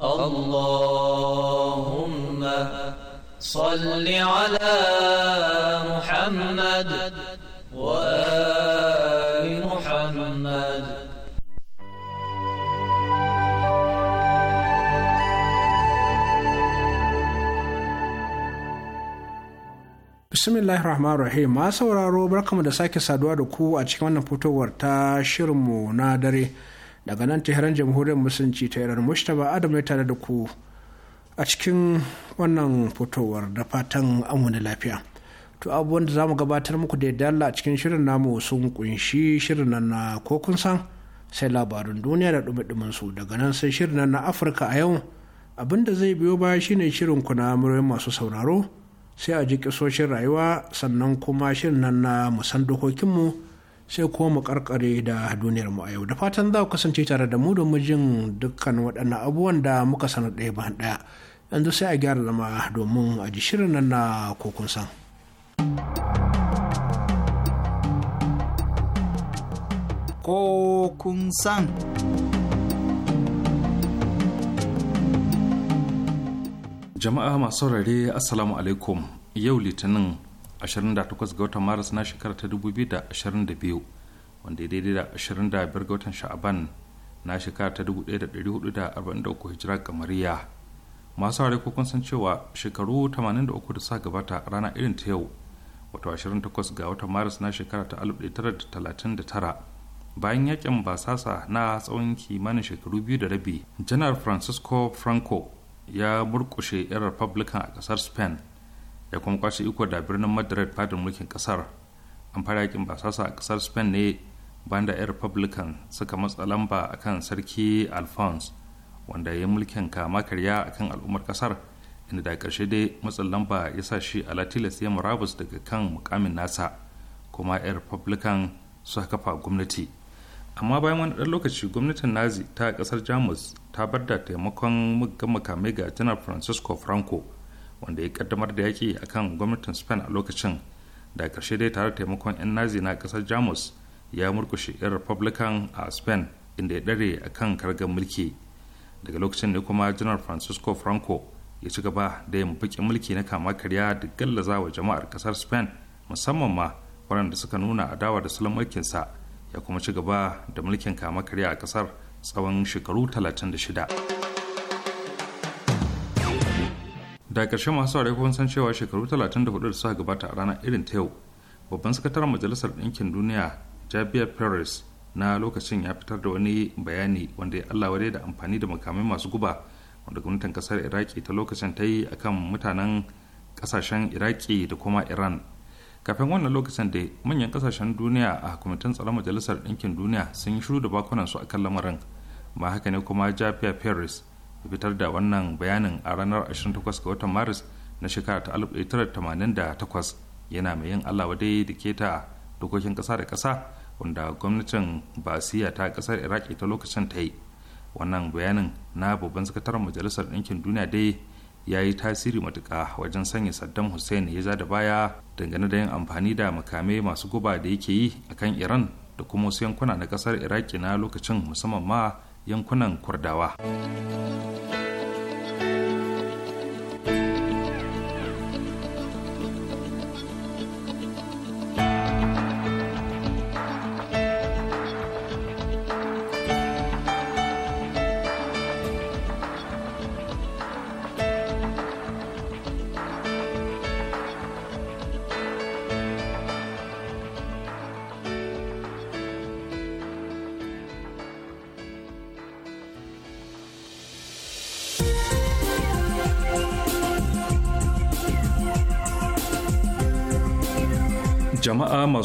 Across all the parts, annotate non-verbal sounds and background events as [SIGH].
اللهم صل على محمد وآل محمد bismillahir rahmanir rahim ma sauraro barkamu da sake saduwa da ku a cikin wannan fitowar ta shirinmu na dare daga nan tehran jamhuriyar musulunci ta iran mushtaba adam ya tare da ku a cikin wannan fitowar da fatan amuna lafiya to abubuwan da za mu gabatar muku da yadda a cikin shirin namu sun kunshi shirin nan na ko san sai labarin duniya da dumi su daga nan sai shirin nan na afirka a yau abin da zai biyo baya shine shirin ku na muryoyin masu sauraro sai a ji kisoshin rayuwa sannan kuma shirin nan na musan dokokinmu sai kuma mu karkare da duniyar mu a yau da fatan za ku kasance tare da mu domin jin dukkan waɗannan abubuwan da muka sanar ɗaya ban ɗaya yanzu sai a gyara zama domin a ji shirin nan na kokun san. Kokun san. Jama'a masu saurare Assalamu alaikum yau Litinin 28 ga watan maris na shekara ta 2022 wanda ya daidai da 25 ga watan sha'aban na shekara ta 1443 hijira kamariya masu ware kun san cewa shekaru 83 da sa gabata rana irin ta yau wato 28 ga watan maris na shekara ta 1939 bayan yakin basasa na tsawon kimanin shekaru biyu da rabi janar francisco franco ya murkushe 'yan republican a kasar spain ya kuma kwashe iko da birnin madrid fadin mulkin kasar an fara yakin basasa a kasar spain ne bayan da 'yan republican suka matsa lamba akan sarki alfons wanda ya yi mulkin kama karya akan al'ummar kasar inda da karshe dai matsa lamba ya sa shi a latilas ya murabus daga kan mukamin nasa kuma 'yan republican suka kafa gwamnati amma bayan wani ɗan lokaci gwamnatin nazi ta kasar jamus ta bar da taimakon makamai ga janar francisco franco wanda ya kaddamar da yaki kan gwamnatin spain a lokacin da karshe dai tare taimakon 'yan nazi na ƙasar jamus ya murkushe 'yan republican a spain inda ya dare a kan kargan mulki daga lokacin ne kuma janar francisco franco ya ci gaba da yin baƙin mulki na kama karya da gallaza wa jama'ar ƙasar spain musamman ma waɗanda suka nuna adawa da salon mulkinsa ya kuma ci gaba da mulkin kama karya a ƙasar tsawon shekaru 36 da ƙarshe masu sauraro kun san cewa shekaru 34 da suka gabata a ranar irin ta yau babban sakataren majalisar ɗinkin duniya javier perez na lokacin ya fitar da wani bayani wanda ya allah wadai da amfani da makamai masu guba wanda gwamnatin kasar iraki ta lokacin ta yi akan mutanen kasashen iraki da kuma iran kafin wannan lokacin da manyan kasashen duniya a kwamitin tsaron majalisar ɗinkin duniya sun yi shiru da bakunan su akan lamarin ba haka ne kuma javier paris fitar da wannan bayanin a ranar 28 ga watan maris na shekara ta 1988 yana mai yin allah wadai da keta dokokin kasa da kasa wanda gwamnatin basiya ta kasar iraki ta lokacin ta yi wannan bayanin na babban sakataren majalisar ɗinkin duniya dai ya yi tasiri matuka wajen sanya saddam hussein ya za da baya dangane da yin amfani da makamai masu guba da yake yi akan iran da kuma wasu yankuna na ƙasar iraki na lokacin musamman ma yankunan kurdawa.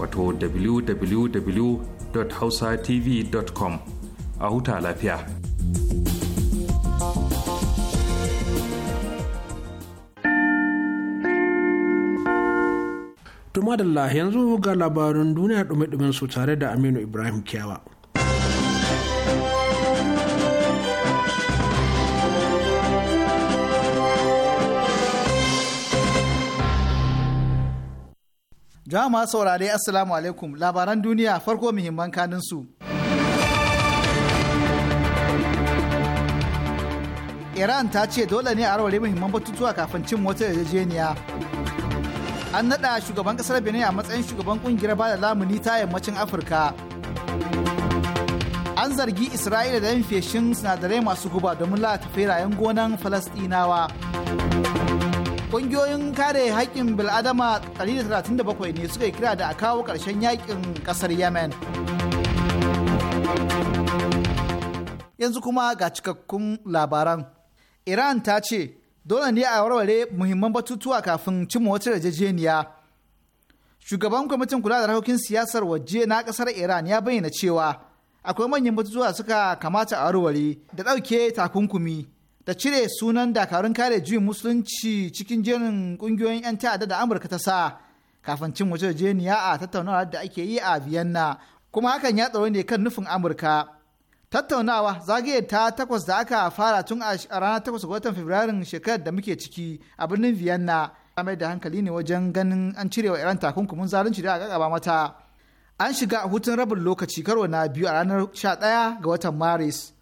wato www.hausatv.com a huta lafiya. tuma da yanzu ga labarin duniya ɗume-ɗumen su tare da Aminu Ibrahim Kiyawa. Jama'a saurare Assalamu alaikum labaran duniya farko muhimman kanin su. Iran ta ce dole ne a rawar muhimman batutuwa kafin cin wata yarjejeniya. An naɗa shugaban ƙasar Benin a matsayin shugaban ƙungiyar bada lamuni ta yammacin Afirka. An zargi Isra'ila da yin feshin sinadarai masu guba domin lalata ferayen gonan Falasɗinawa. ƙungiyoyin kare haƙƙin bil'adama 137 ne suka yi kira da a kawo ƙarshen yaƙin ƙasar yemen yanzu kuma ga cikakkun labaran iran ta ce dole ne a warware muhimman batutuwa kafin cimma wata yarjejeniya shugaban kwamitin kula da harkokin siyasar waje na ƙasar iran ya bayyana cewa akwai manyan batutuwa suka kamata a warware da ɗauke takunkumi da cire sunan dakarun kare juyin musulunci cikin jerin kungiyoyin 'yan ta'adda da amurka ta sa kafin cin wace jeniya a tattaunawa da ake yi a vienna kuma hakan ya tsaro ne kan nufin amurka tattaunawa zagaye ta takwas da aka fara tun a ranar takwas ga watan fabrairun shekarar da muke ciki a birnin vienna mai da hankali ne wajen ganin an cire wa iran takunkumin zalunci da aka gaba mata an shiga hutun rabin lokaci karo na biyu a ranar ɗaya ga watan maris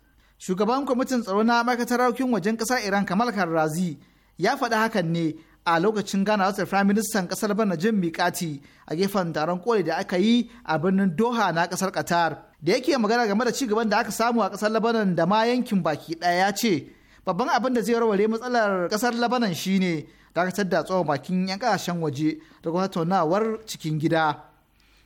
shugaban kwamitin tsaro na ma'aikatar harkokin wajen kasar iran kamal karrazi ya faɗi hakan ne a lokacin gana wasu firayim ministan ƙasar bana jin miƙati a gefen taron koli da aka yi a birnin doha na ƙasar qatar da yake magana game da cigaban da aka samu a kasar labanan da ma yankin baki ɗaya ya ce babban abin da zai warware matsalar kasar labanan shine dakatar da tsohon bakin 'yan kasashen waje da kuma tattaunawar cikin gida.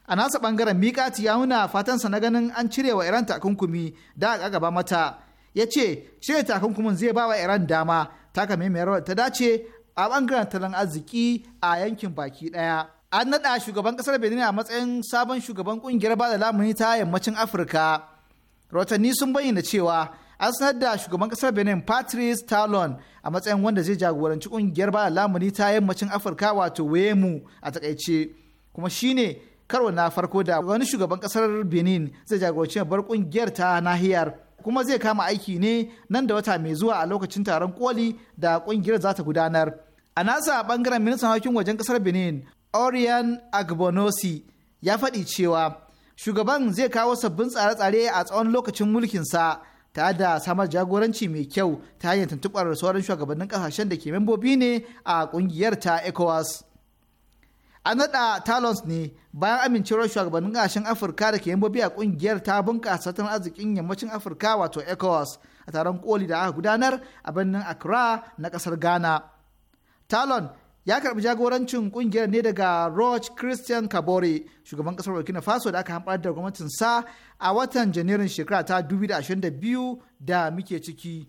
a nasa bangaren mikati ya nuna fatansa na ganin an cire wa iran takunkumi da aka gaba mata ya ce shirya takunkumin zai ba wa iran dama taka rawar ta dace a bangaren talan arziki a yankin baki daya an naɗa shugaban ƙasar benin a matsayin sabon shugaban ƙungiyar bada lamuni ta yammacin afirka rotanni sun bayyana cewa an sanar da shugaban ƙasar benin patrice talon a matsayin wanda zai jagoranci ƙungiyar bada lamuni ta yammacin afirka wato wemu a takaice kuma shine karo na farko da wani shugaban ƙasar benin zai jagoranci babbar kungiyar ta nahiyar kuma zai kama aiki ne nan da wata mai zuwa a lokacin taron koli da kungiyar za ta gudanar. A nasa bangaren ministan harkokin wajen kasar Benin, Orion Agbonosi ya faɗi cewa shugaban zai kawo sabbin tsare-tsare a tsawon lokacin sa tare da samar jagoranci mai kyau ta hanyar tuntuɓar sauran shugabannin ƙasashen da ke membobi ne a ƙungiyar ta ECOWAS. an naɗa talons ne bayan amincewar shugabannin gashin afirka da ke yambobi a kungiyar ta bunkasa tattalin arzikin yammacin afirka wato ecowas a taron koli da aka gudanar a birnin accra na kasar ghana talon ya karbi jagorancin kungiyar ne daga roch christian kabore shugaban ƙasar burkina faso da aka hamɓar da sa a watan janairun shekara ta 2022 da muke ciki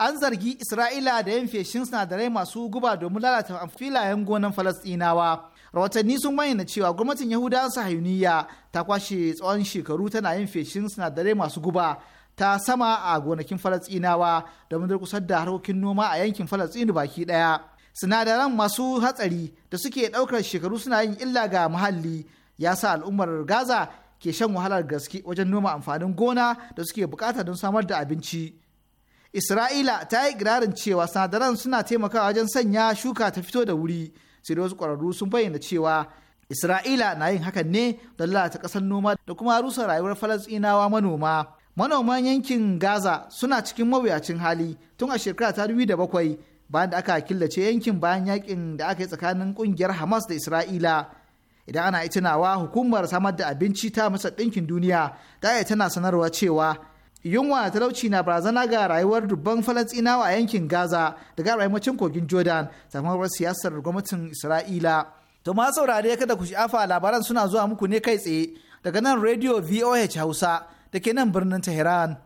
an zargi isra'ila da yin feshin sinadarai masu guba domin lalata filayen gonan falastinawa. rahotanni sun bayyana cewa gwamnatin yahudawan sahayuniya ta kwashe tsawon shekaru tana yin feshin sinadarai masu guba ta sama a gonakin da domin kusar da harkokin noma a yankin falasɗinu baki ɗaya sinadaran masu hatsari da suke ɗaukar shekaru suna yin illa ga muhalli ya sa al'ummar gaza ke shan wahalar gaske wajen noma amfanin gona da suke bukata don samar da abinci isra'ila ta yi cewa sinadaran suna taimakawa wajen sanya shuka ta fito da wuri sai wasu ƙwararru sun bayyana cewa isra'ila na yin hakan ne don lalata ƙasar noma da kuma rusa rayuwar falasɗinawa manoma manoman yankin gaza suna cikin mawuyacin hali tun a shekara ta da bakwai bayan da aka killace yankin bayan yakin da aka yi tsakanin ƙungiyar hamas da isra'ila idan ana itinawa hukumar samar da abinci ta masa ɗinkin duniya ta tana sanarwa cewa yunwa talauci na barazana ga rayuwar dubban falastinawa a yankin gaza daga arewacin kogin jordan sakamakon siyasar gwamnatin isra'ila to ma saurare kada ku sha'afa labaran suna zuwa muku ne kai tsaye daga nan radio voh hausa da ke nan birnin tehran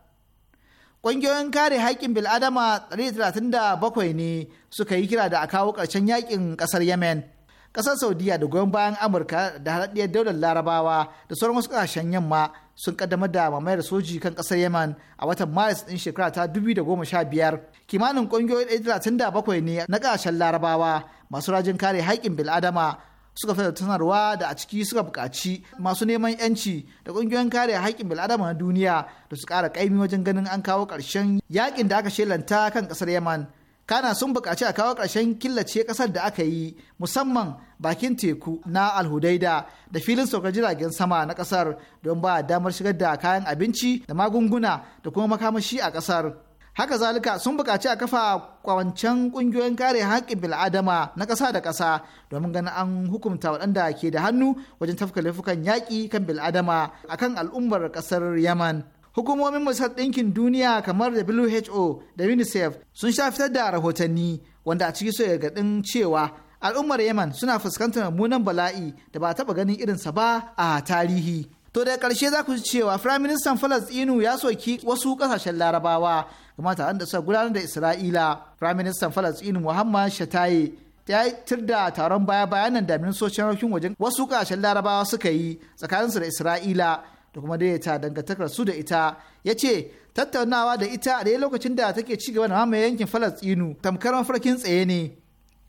ƙungiyoyin kare haƙƙin bil'adama 137 ne suka yi kira da a kawo ƙarshen yaƙin ƙasar yemen ƙasar saudiya da goyon bayan amurka da haɗaɗɗiyar daular larabawa da sauran wasu ƙasashen yamma sun kaddamar da mamayar soji kan ƙasar yemen a watan maris ɗin shekara ta da sha biyar. kimanin ƙungiyoyi bakwai ne na ƙasashen larabawa masu rajin kare haƙƙin bil'adama suka fitar sanarwa da a ciki suka buƙaci masu neman yanci da ƙungiyoyin kare haƙƙin bil'adama na duniya da su ƙara ƙaimi wajen ganin an kawo ƙarshen yaƙin da aka shelanta kan ƙasar yemen kana sun bukaci a kawo ƙarshen killace ƙasar da aka yi musamman bakin teku na alhudaida da filin saukar jiragen sama na ƙasar don ba damar shigar da kayan abinci da magunguna da kuma makamashi a ƙasar haka zalika sun bukaci a kafa kwawancen ƙungiyoyin kare haƙƙin bil'adama na ƙasa da ƙasa domin ganin an hukunta waɗanda ke da hannu wajen tafka laifukan yaƙi kan bil'adama akan al'ummar ƙasar yaman Hukumomin Masar Ɗinkin Duniya kamar WHO da UNICEF sun sha fitar da rahotanni wanda a ciki su gaɗin cewa al'ummar Yemen suna fuskantar mummunan bala'i da ba taɓa ganin irinsa ba a tarihi. To da karshe za ku ji cewa Firaministan falastinu ya soki wasu kasashen Larabawa kuma da da suka gudanar da Isra'ila. Firaministan falastinu Muhammad Shataye ya tir da taron baya bayanan da ministocin harkokin wajen wasu ƙasashen Larabawa suka yi tsakaninsu da Isra'ila da kuma daidaita dangantakar su da ita ya ce tattaunawa da ita a daya lokacin da take ci gaba da mamaye yankin falastinu tamkar mafarkin tsaye ne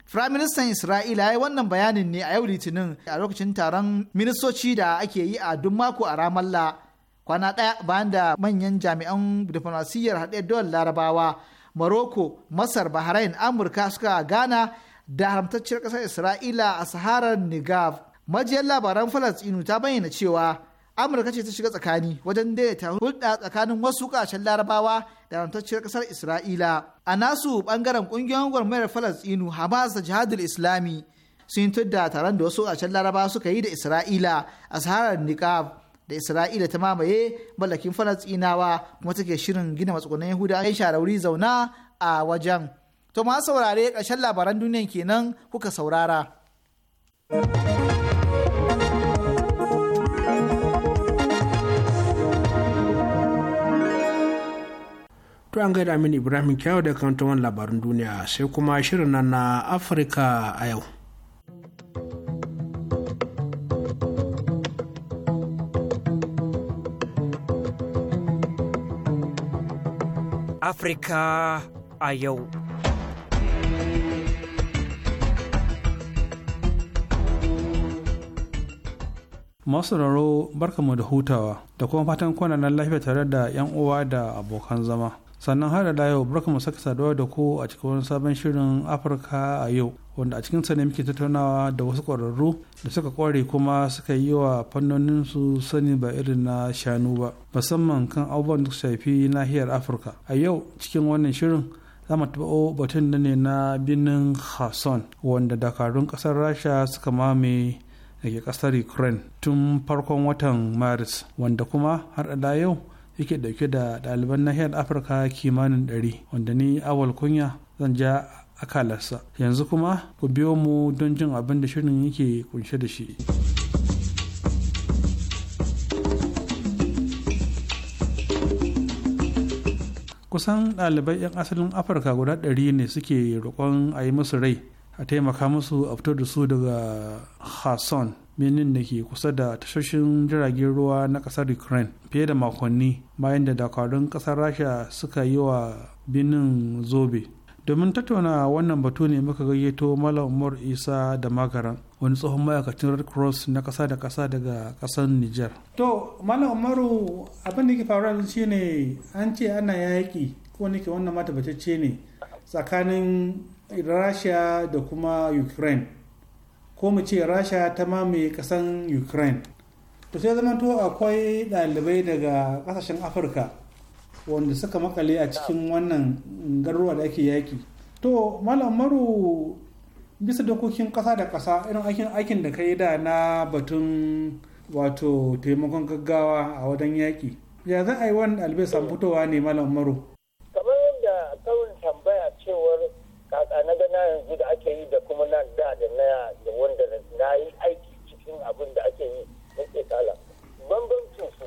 Firaministan Isra'ila ya yi wannan bayanin ne a yau Litinin a lokacin taron ministoci da ake yi a duk mako a Ramallah kwana ɗaya bayan da manyan jami'an diflomasiyyar haɗe dole Larabawa, Maroko, Masar, Bahrain, Amurka suka gana da haramtacciyar ƙasar Isra'ila a Saharar Nigav. Majiyar labaran Falastinu ta bayyana cewa amurka ce ta shiga tsakani wajen daidaita hulɗa tsakanin wasu ƙasashen larabawa da rantacciyar ƙasar isra'ila a nasu ɓangaren ƙungiyar gwamnatin falastinu hamas da jihadul islami sun tudda taron da wasu ƙasashen larabawa suka yi da isra'ila a saharar niqab da isra'ila ta mamaye mallakin falastinawa kuma take shirin gina matsugunan yahuda a sharauri zauna a wajen to ma saurare ƙarshen labaran duniya kenan kuka saurara. to an gaida amin ibrahim kyawu da kan wani labarin duniya sai kuma shirin nan na afirka a yau afirka a yau masararo barkamu da hutawa da kuma fatan kwanan lafiya tare da 'yan uwa da abokan zama sannan har da yau barka mu saka saduwa da ku a cikin wani sabon shirin afirka a yau wanda a cikin ne muke tattaunawa da wasu kwararru da suka kware kuma suka yi wa fannonin su sani ba irin na shanu ba musamman kan abubuwan da shafi nahiyar afirka a yau cikin wannan shirin za mu taɓa batun da ne na birnin kherson wanda dakarun ƙasar rasha suka mame da ke ƙasar ukraine tun farkon watan maris wanda kuma har da yau yake dauke da ɗaliban nahiyar afirka kimanin 100 wanda ni awal kunya zan ja akalarsa yanzu kuma ku biyo mu don jin abin da shirin yake kunshe da shi kusan ɗalibai 'yan asalin afirka guda ɗari ne suke roƙon a yi musu rai a taimaka musu a fito da su daga hasson birnin da ke kusa da tashoshin jiragen ruwa na kasar ukraine fiye da makonni bayan da dakarun kasar rasha suka yi wa birnin zobe domin tattauna wannan batu ne muka gayyato malam umar isa da magaran wani tsohon ma'aikacin red cross na kasa da kasa daga kasar niger to malam umaru abin da ke faruwa ne an ce ana yaƙi ko ne ke wannan mata ne tsakanin rasha da kuma ukraine ko mu ce rasha ta mamaye kasan ukraine to sai zamanto akwai ɗalibai daga ƙasashen afirka wanda suka makale a cikin wannan garuruwa da ake yaki to malam maru bisa dokokin ƙasa da ƙasa irin aikin aikin da ka yi da na batun wato taimakon gaggawa a wajen yaƙi ya za a yi wani ɗalibai samu fitowa ne malam maru kaka na ga na yanzu da ake yi da kuma na da da na da wanda na yi aiki cikin abin da ake yi na ke kala bambancin su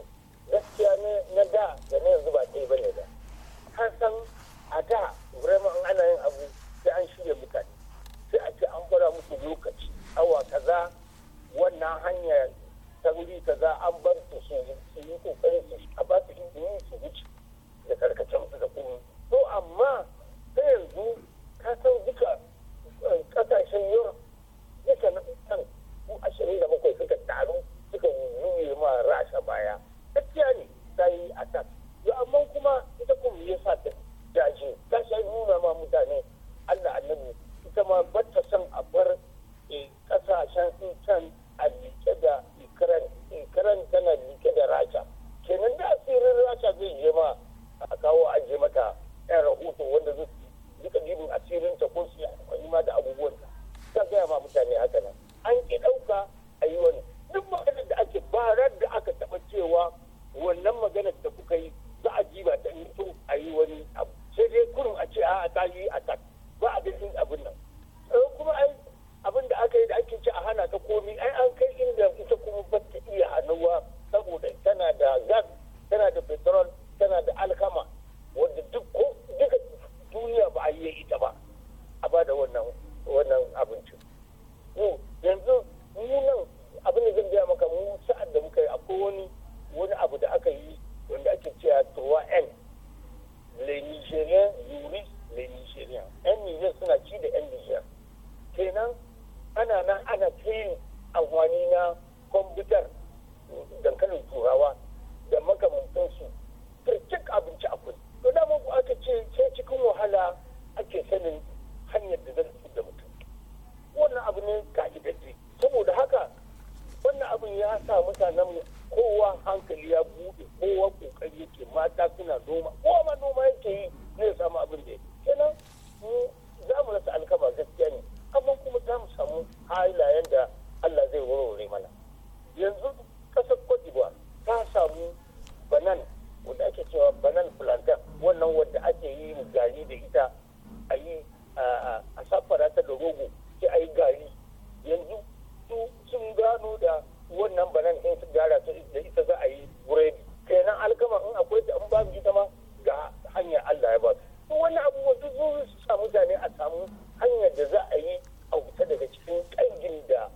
gaskiya na da da na yanzu ba ɗaya bane ba har san a da vraiment an ana yin abu sai an shirya mutane sai a ce an fara musu lokaci awa kaza wannan hanya ta wuri kaza an bar su su yi kokarin su a ba halayen da Allah zai warware mana yanzu kasar Cote d'Ivoire ta samu banan wanda ake cewa banan plantain wannan wanda ake yi gari da ita a yi a safara ta da rogo sai a yi gari yanzu sun gano da wannan banan in su gara da ita za a yi buredi kenan alkama in akwai ta in babu ita ma ga hanyar Allah ya ba su wannan abubuwan duk sun samu mutane a samu hanyar da za a yi a wuta daga cikin kangin da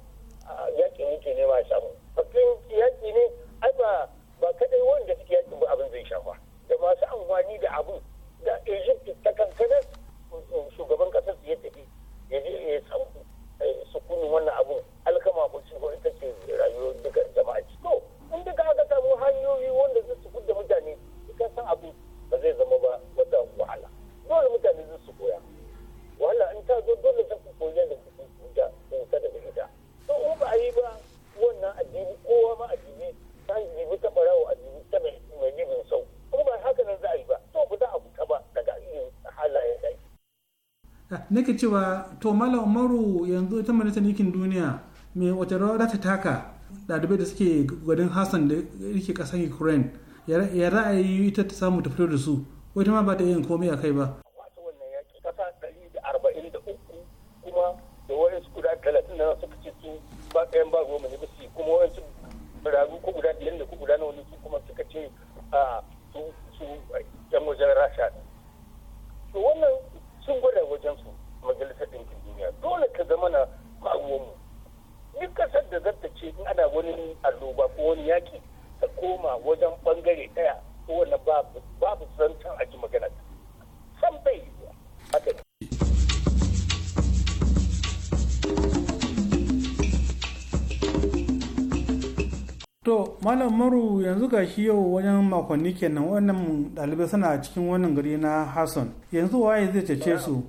ne yake nema shamu bakin yaƙi ne ai ba ba kadai wanda suke yaƙi ba abin zai shafa da masu amfani da abin da egypt ta kankanar shugaban kasar ya tafi ya je ya samu eh, sukunin wannan abu alkama ko shi ko ita ce rayuwar duka jama'a ci to in duka aka samu hanyoyi wanda zai su da mutane ka san abin ba zai zama ba wata wahala dole mutane zai su koya wahala in ta zo dole sai ku koyi yadda kada da ita to in ba a yi ba wannan addini kowa ma addini ta jibi ta barawa addini ta mai jibin sau in ba haka nan za a yi ba to ba za a fita ba daga yin halayen da ah, nake cewa to malam umaru yanzu ita majalisar nikin duniya mai wata rawa za ta taka ɗalibai da suke gwadin hassan da yake ƙasar ukraine ya ra'ayi ita ta samu ta fito da su wata ma ba ta yin komai a kai ba. wato wannan yaƙi kasa ɗari da arba'in da uku kuma da wayansu guda talatin na suka ce su ba tsayan ba goma ne ba su kuma wasu ragu ko guda biyar da ko guda nawa ne su kuma suka ce a su su yan wajen rasha to wannan sun gwada wajen su majalisar ɗinkin duniya dole ka zama na ma'awomu ni kasar da zata ce in ana wani alloba ko wani yaki ta koma wajen bangare ɗaya ko wani babu zancen aji magana to malam maru yanzu ga shi yau wajen makonni kenan wannan ɗalibai suna cikin wannan gari na hassan yanzu waye zai cece su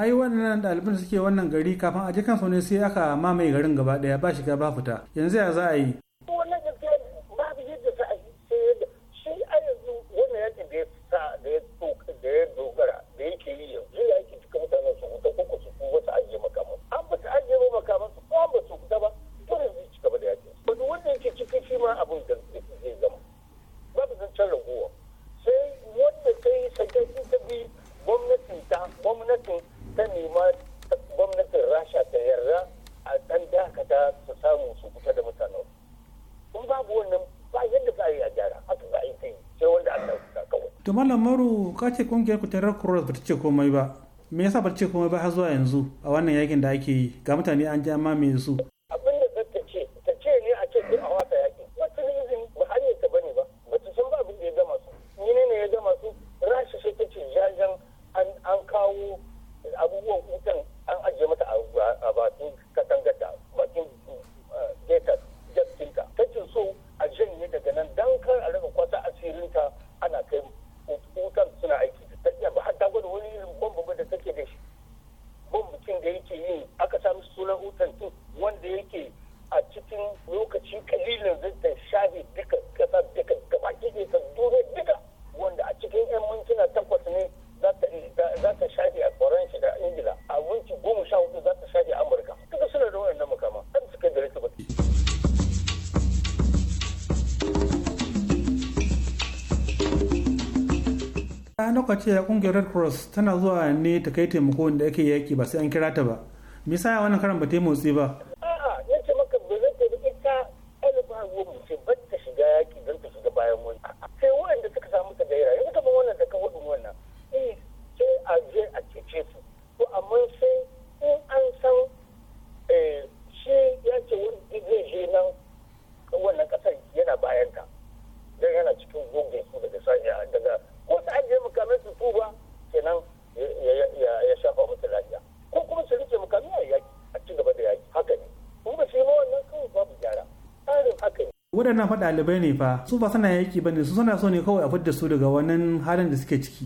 ai wannan ɗaliban suke wannan gari kafin a ji kansu sai aka mamaye garin gaba ɗaya ba shiga ba fita yanzu ya za a yi wannan gaskiya babu yadda za yi sai yadda shi a yanzu wannan yakin da ya sa da ya dogara da yake yi yanzu ya yake cika mutanen su wuta ko su ku wasu ajiye makaman an ba su ajiye ba makaman su ko ba su fita ba dole su cika ba da yakin wani wanda yake ciki shi ma abin da zai zama babu zancen raguwa sai wanda ta yi sakai ta bi gwamnatin ta gwamnatin ta nema gwamnatin rasha ta yarda a ɗan dakata su samu su kusa da mutanen kuma babu wannan ba yadda za a yi a gyara haka za a yi kai sai wanda an ya kawai. to malam maru ka ce kungiyar ku ta red ba ta ce komai ba me yasa ba ta ce komai ba har zuwa yanzu a wannan yakin da ake yi ga mutane an ja me su kuka ce kungiyar red cross tana zuwa ne ta kai taimako da ake yaki ba sai an kira ta ba me yasa wannan karan ba ta yi motsi ba waɗannan fa ɗalibai ne fa su ba suna yaki ba ne su suna so ne kawai a fidda su daga wannan halin da suke ciki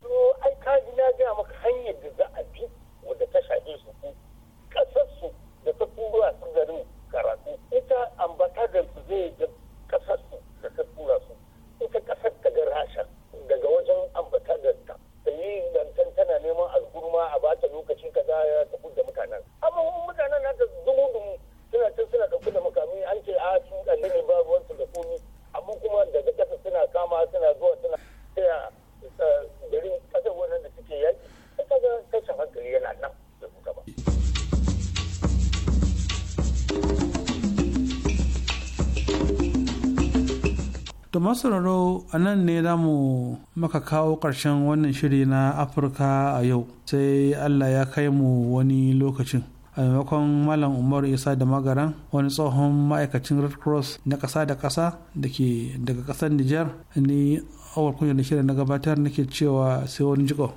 masu a nan ne za mu maka kawo ƙarshen wannan shiri na afirka a yau sai allah ya kai mu wani lokacin a maimakon malam umar isa da magaran wani tsohon ma'aikacin red cross na ƙasa da ƙasa da ke daga ƙasar nijar ni awar kunyar da shirin na gabatar nake cewa sai wani jiko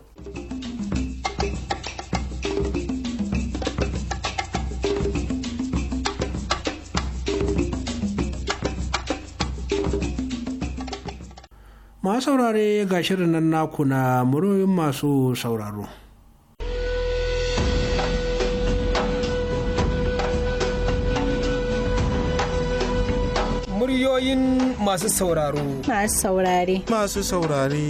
saurare ga shirin nan naku na muryoyin masu sauraro. Muryoyin masu sauraro. Masu saurare. Masu saurare.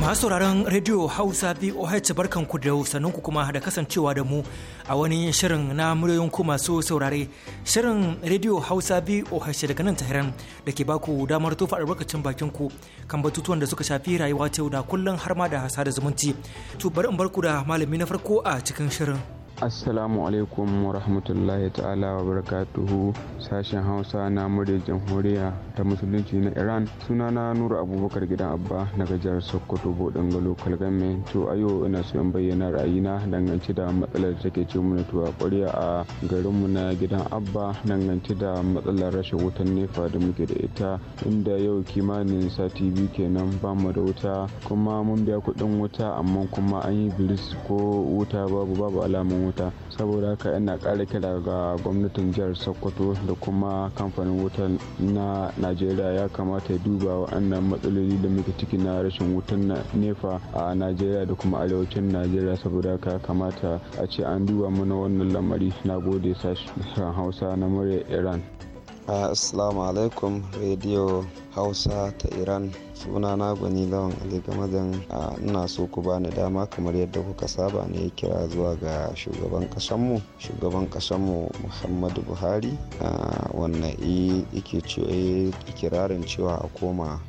Masu sauraron Radio Hausa VOH barkanku da ku kuma da kasancewa da mu a wani shirin na muryoyin ku masu saurare. Shirin rediyo Hausa VOH daga nan Tahiran da ke baku damar tofa albarkacin bakin ku kan batutuwan da suka shafi rayuwa ta da kullum har ma da hasa da zumunci. To bari in barku da malami na farko a cikin shirin. assalamu alaikum wa rahmatullahi ta'ala wa barakatuhu sashen hausa na murya jamhuriya ta musulunci na iran sunana nura abubakar gidan abba daga jihar sokoto bodin galo kalgame to ayo yau ina son bayyana ra'ayina dangance da matsalar da take ce mana tuwa a a mu na gidan abba dangance da matsalar rashin wutan nefa da muke da ita inda yau kimanin sati biyu kenan ba mu da wuta kuma mun biya kuɗin wuta amma kuma an yi bilis ko wuta babu babu alamun wuta saboda haka ina kara kira ga gwamnatin jihar sokoto da kuma kamfanin wuta na najeriya ya kamata ya duba wa'annan matsaloli da muke ciki na rashin wutan nefa a najeriya da kuma arewacin najeriya saboda haka ya kamata a ce an duba mana wannan lamari na gode sashen hausa na murya iran assalamu alaikum radio hausa ta iran sunana gwani lawan ali a ina so ku bani dama kamar yadda kuka saba ne kira zuwa ga shugaban kasanmu shugaban kasanmu muhammadu buhari wannan ike eh, ikirarin cewa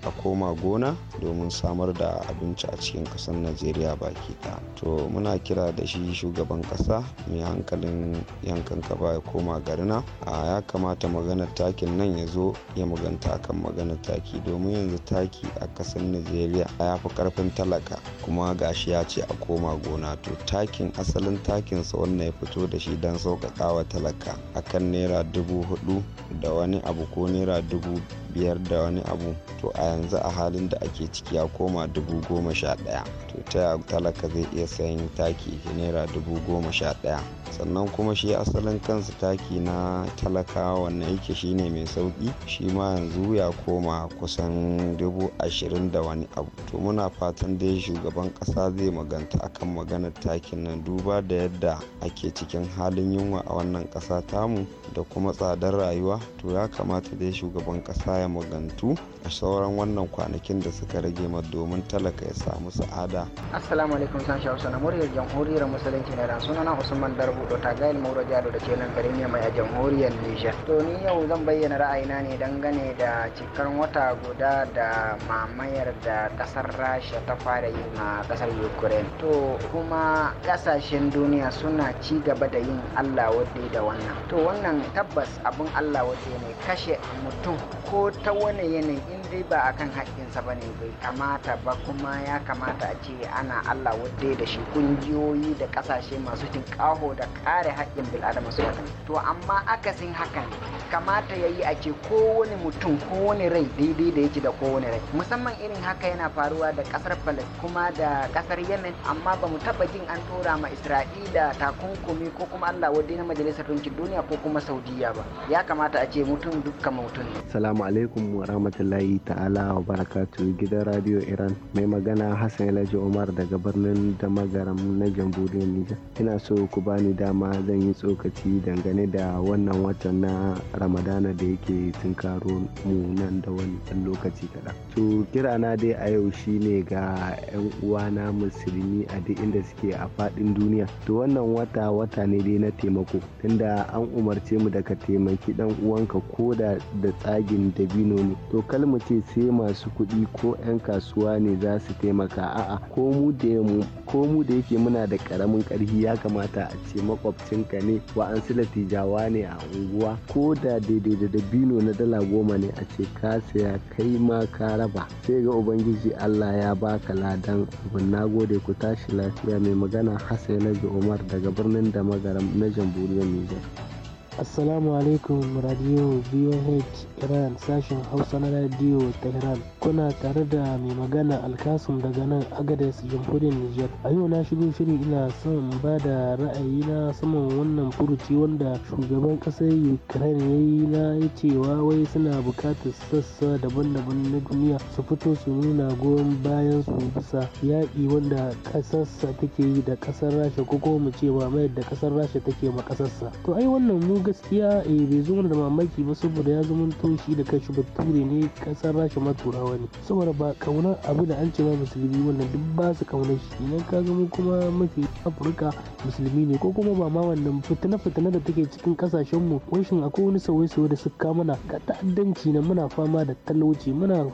a koma gona domin samar da abinci a cikin kasar najeriya baki ta to muna kira da shi shugaban kasa mai hankalin yankan kaba ya koma garina ya kamata maganar takin nan ya zo ya maganta kan maganar taki domin yanzu taki a ƙasar Najeriya ya fi karfin talaka kuma gashi ya ce a koma gona to takin asalin takin sa wannan ya fito da shi don sauƙaƙa wa talaka akan naira dubu hudu da wani abu ko naira dubu biyar da wani abu to a yanzu a halin da ake ciki ya koma dubu goma sha ɗaya to ta ya talaka zai iya sayan taki naira dubu goma sha ɗaya sannan kuma shi asalin kansa taki na talaka wannan yake shine mai sauki shi ma yanzu ya koma kusan dubu ashirin da wani abu to muna fatan dai shugaban ƙasa zai maganta akan maganar takin nan duba da yadda ake cikin halin yunwa a wannan ƙasa tamu da kuma tsadar rayuwa to ya kamata dai shugaban kasa ya magantu a sauran wannan kwanakin da suka rage ma domin talaka ya samu sa'ada. Assalamu alaikum sashi Hausa na muryar jamhuriyar musulunci na suna na Usman Darbu da tagayil Maura Jado da ke nan garin ne mai a jamhuriyar Nijar. To ni yau zan bayyana ra'ayina ne dangane da cikar wata guda da mamayar da kasar Rasha ta fara yi ma kasar Ukraine. To kuma kasashen duniya suna ci gaba da yin Allah wadda da wannan. To wannan tabbas abin Allah wadda ne kashe mutum ko ta wani yanayi in dai ba akan haƙƙinsa ba ne bai kamata ba kuma ya kamata a ce ana allah wadda da shi kungiyoyi da ƙasashe masu tinƙaho da kare haƙƙin bil'adama su haka to amma akasin hakan kamata ya yi a ce kowane mutum kowane rai daidai da yake da kowane rai musamman irin haka yana faruwa da ƙasar falas kuma da ƙasar yemen amma ba mu taɓa jin an tura ma isra'ila takunkumi ko kuma allah wadda na majalisar ɗinkin duniya ko kuma saudiya ba ya kamata a ce mutum dukkan mutum ne Assalamu alaikum wa rahmatullahi ta'ala wa barakatu gidan Radio Iran. Mai magana Hassan Elaji umar daga birnin Damagaram na jamhuriyar Nijar. Ina so ku bani dama zan yi tsokaci dangane da wannan watan na Ramadana da yake tunkaro mu nan da wani lokaci kaɗan. To kira na dai a yau shine ga 'yan uwana musulmi a duk inda suke a faɗin duniya. To wannan wata wata ne dai na taimako tunda an umarce mu da ka taimaki ɗan uwanka ko da da tsagin dabino ne to kal mu ce sai masu kuɗi ko 'yan kasuwa ne za su taimaka a'a ko mu da ko yake muna da karamin karfi ya kamata a ce makwabcinka ne wa an wa'ansu latijawa ne a unguwa ko da daidai da dabino na dala goma ne a ce ka saya kai ma ka raba sai ga ubangiji allah ya baka ladan abin na gode ku tashi lafiya mai magana hassan umar daga birnin da magaram na jamhuriyar nijar Assalamu alaikum Radio VOH Iran sashen Hausa na Radio Tehran. kuna tare da mai magana alkasum daga nan agades jamhuriyar niger a yau na shigo shiri ina son ba da ra'ayina saman wannan furuci wanda shugaban kasar ukraine ya yi na cewa wai suna bukatar sassa daban-daban na duniya su fito su nuna goyon bayan su bisa yaƙi wanda kasarsa take yi da kasar rasha ko kuma mu ce mai da kasar rasha take ma kasarsa to ai wannan mu gaskiya eh, bai zo da mamaki ba saboda ya zama to da kashi bature ne ƙasar rasha maturawa. wani saboda ba kaunar abu da an ce ba musulmi wannan duk ba su kaunar shi idan ka zama kuma mafi afirka musulmi ne ko kuma ba ma wannan fitina fitina da take cikin kasashen mu shin akwai wani sauye sauye da suka mana ga ta'addanci na muna fama da talauci muna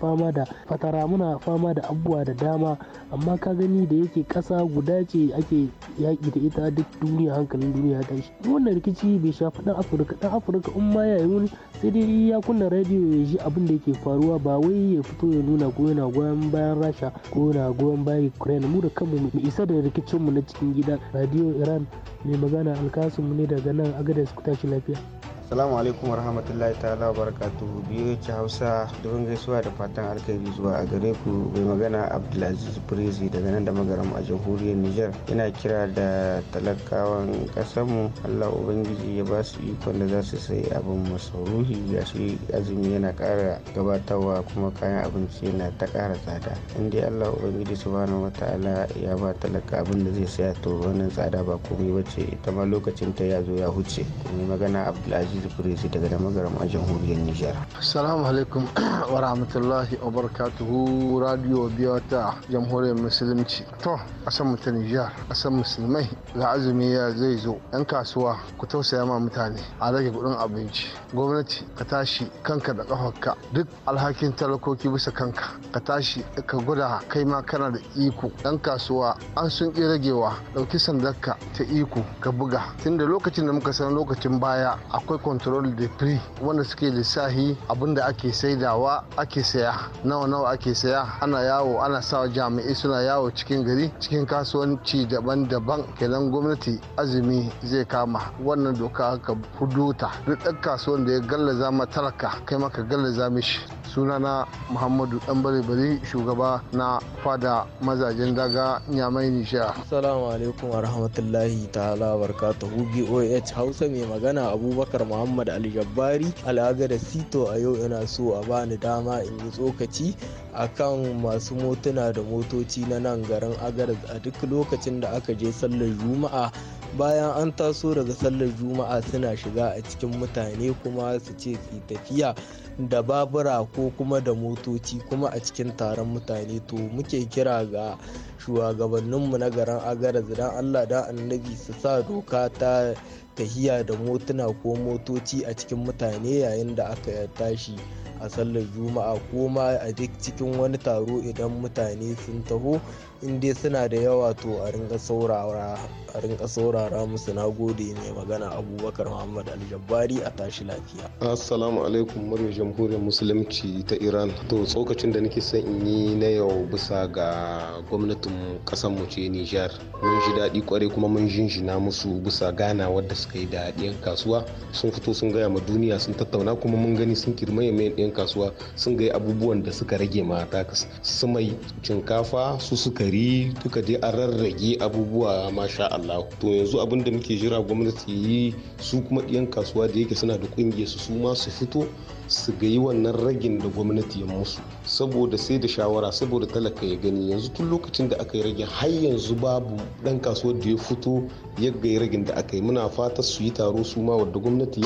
fama da fatara muna fama da abubuwa da dama amma ka gani da yake kasa guda ce ake yaƙi da ita duk duniya hankalin duniya ta shi wannan rikici bai shafi dan afirka dan afirka in ma yi wani sai dai ya kunna rediyo ya ji abin da yake faruwa ba wai ya fito ya nuna ko yana goyon bayan rasha ko yana goyon bayan ukraine mu da kanmu mu isa da rikicin mu na cikin gida radio iran mai magana alkasum ne daga nan agadez ku tashi lafiya salamu alaikum warahmatullahi ta'ala wa barakatuhu biyu ci Hausa don gaisuwa da fatan alkhairi zuwa a gare ku mai magana Abdulaziz Prezi daga nan da magaram a jamhuriyar niger yana kira da talakawan kasanmu Allah ubangiji ya ba su ikon da za su sayi abin ga shi azumi yana kara gabatarwa kuma kayan abinci yana ta kara tsada in dai Allah ubangiji subhanahu ta'ala ya ba talaka abin da zai saya to wannan tsada ba komai bace ita ma lokacin ta ya zo ya huce mai magana Abdulaziz Abdulaziz daga a jamhuriyar Nijar. Assalamu alaikum [CLEARS THROAT] wa rahmatullahi wa barakatuhu radio biyu ta jamhuriyar musulunci. To, a mutum Nijar, asan musulmai da azumi ya zai zo. Yan kasuwa ku tausaya ma mutane a rage kudin abinci. Gwamnati ka tashi kanka da ƙafarka duk alhakin talakoki bisa kanka ka tashi ka gwada kai ma kana da iko. Yan kasuwa an sun ƙi ragewa ɗauki sandarka ta iko ka buga tunda lokacin da muka san lokacin baya akwai control de prix wanda suke lissahi abinda ake saidawa ake saya nawa nawa ake saya ana yawo ana sawa jami'i suna yawo cikin gari cikin kasuwanci daban-daban kenan gwamnati azumi zai kama wannan doka ka fudo ta duk ɗan kasuwan da ya gallaza ma talaka kai maka gallaza mishi suna na muhammadu dan bari shugaba na fada mazajen daga nyamai nisha salamu alaikum wa rahmatullahi ta'ala barkatuhu boh hausa mai magana abubakar ma muhammad ali gabbari alaga da sito a yau yana so a bani dama in yi tsokaci akan masu motuna da motoci na nan garin agaras a duk lokacin da aka je sallar juma'a bayan an taso daga sallar juma'a suna shiga a cikin mutane kuma su ce su tafiya da babura ko kuma da motoci kuma a cikin taron mutane to muke kira ga shugabanninmu na garin agaras dan allah dan annabi su sa doka ta tahiya da motuna ko motoci a cikin mutane yayin da aka tashi a sallar juma'a ko ma a duk cikin wani taro idan mutane sun taho in dai suna da yawa to a ringa saurara musu na gode mai magana abubakar muhammad aljabbari a tashi lafiya assalamu alaikum murya jamhuriyar musulunci ta iran to tsokacin da nake son yi na yau bisa ga gwamnatin kasan mu ce nijar mun ji daɗi kwarai kuma mun jinjina musu bisa gana wadda suka yi da ɗiyan kasuwa sun fito sun gaya ma duniya sun tattauna kuma mun gani sun kirmaye mai ɗiyan kasuwa sun gaya abubuwan da suka rage mata su mai shinkafa su suka gari duka dai an rarrage abubuwa masha Allah to yanzu abin da muke jira gwamnati yi su kuma ɗiyan kasuwa da yake suna da ƙungiyar su su ma su fito su ga yi wannan ragin da gwamnati ya musu saboda sai da shawara saboda talaka ya gani yanzu tun lokacin da aka yi ragin har yanzu babu dan kasuwar da ya fito ya ga ragin da aka yi muna fata su yi taro su ma wadda gwamnati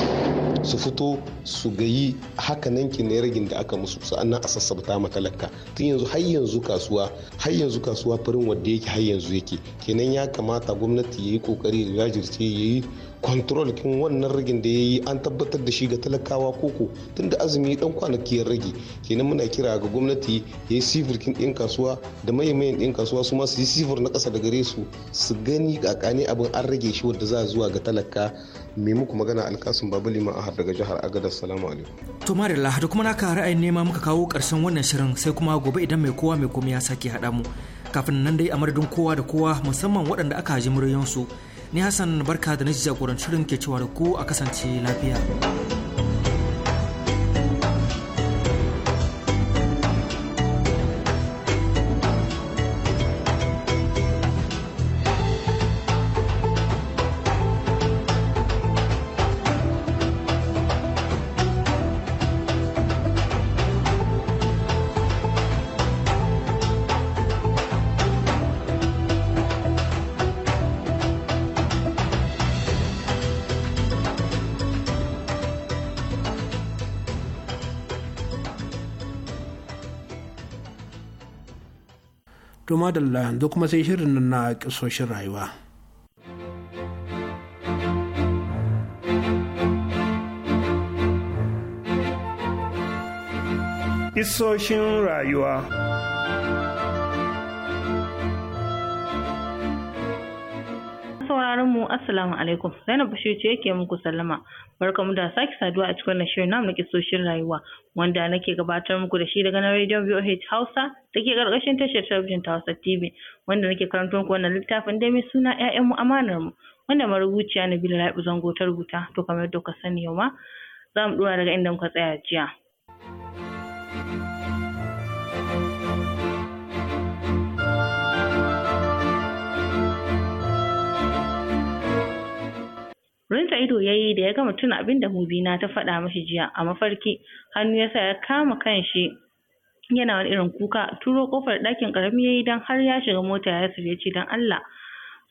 su fito su gayi haka nan ki ne ragin da aka musu sa'annan a sassabta ma talaka tun yanzu har yanzu kasuwa har yanzu kasuwa farin wadda yake har yanzu yake kenan ya kamata gwamnati ya yi kokari ya jajirce ya yi control kin wannan rigin da ya yi an tabbatar da shi ga talakawa koko tunda azumi dan kwanaki ya rage kenan muna kira ga gwamnati yayi yi kin din kasuwa da mayan din kasuwa su ma su yi sifir na kasa da gare su su gani kakani abin an rage shi wanda za zuwa ga talaka me muku magana alkasun babali a daga jihar agada salamu alaikum to marilla da kuma naka ra'ayin nema muka kawo karshen wannan shirin sai kuma gobe idan mai kowa mai komai ya sake haɗa mu kafin nan dai a kowa da kowa musamman waɗanda aka ji muryoyinsu su ni h a s a n barka da na jagorancin ke cewa da ku a kasance lafiya to da yanzu kuma sai shirin nan na kisoshin rayuwa. isoshin rayuwa sauraron mu assalamu alaikum Zainab Bashir ce yake muku sallama barkamu da sake saduwa a cikin shirin namu na kisoshin rayuwa wanda nake gabatar muku da shi daga na Radio VOH Hausa take karkashin tashar talabijin ta Hausa TV wanda nake karanto muku wannan littafin da mai suna ƴaƴan mu amanar mu wanda marubuciya Nabila Rabi Zango ta rubuta to kamar yadda kuka sani yau ma za mu dora daga inda muka tsaya jiya Rinsa ido ya yi da ya gama tuna abin da Mubina ta faɗa mashi jiya a mafarki. Hannu ya sa ya kama kanshi yana wani irin kuka turo kofar ɗakin ƙarami ya yi don har ya shiga mota ya ya ce don Allah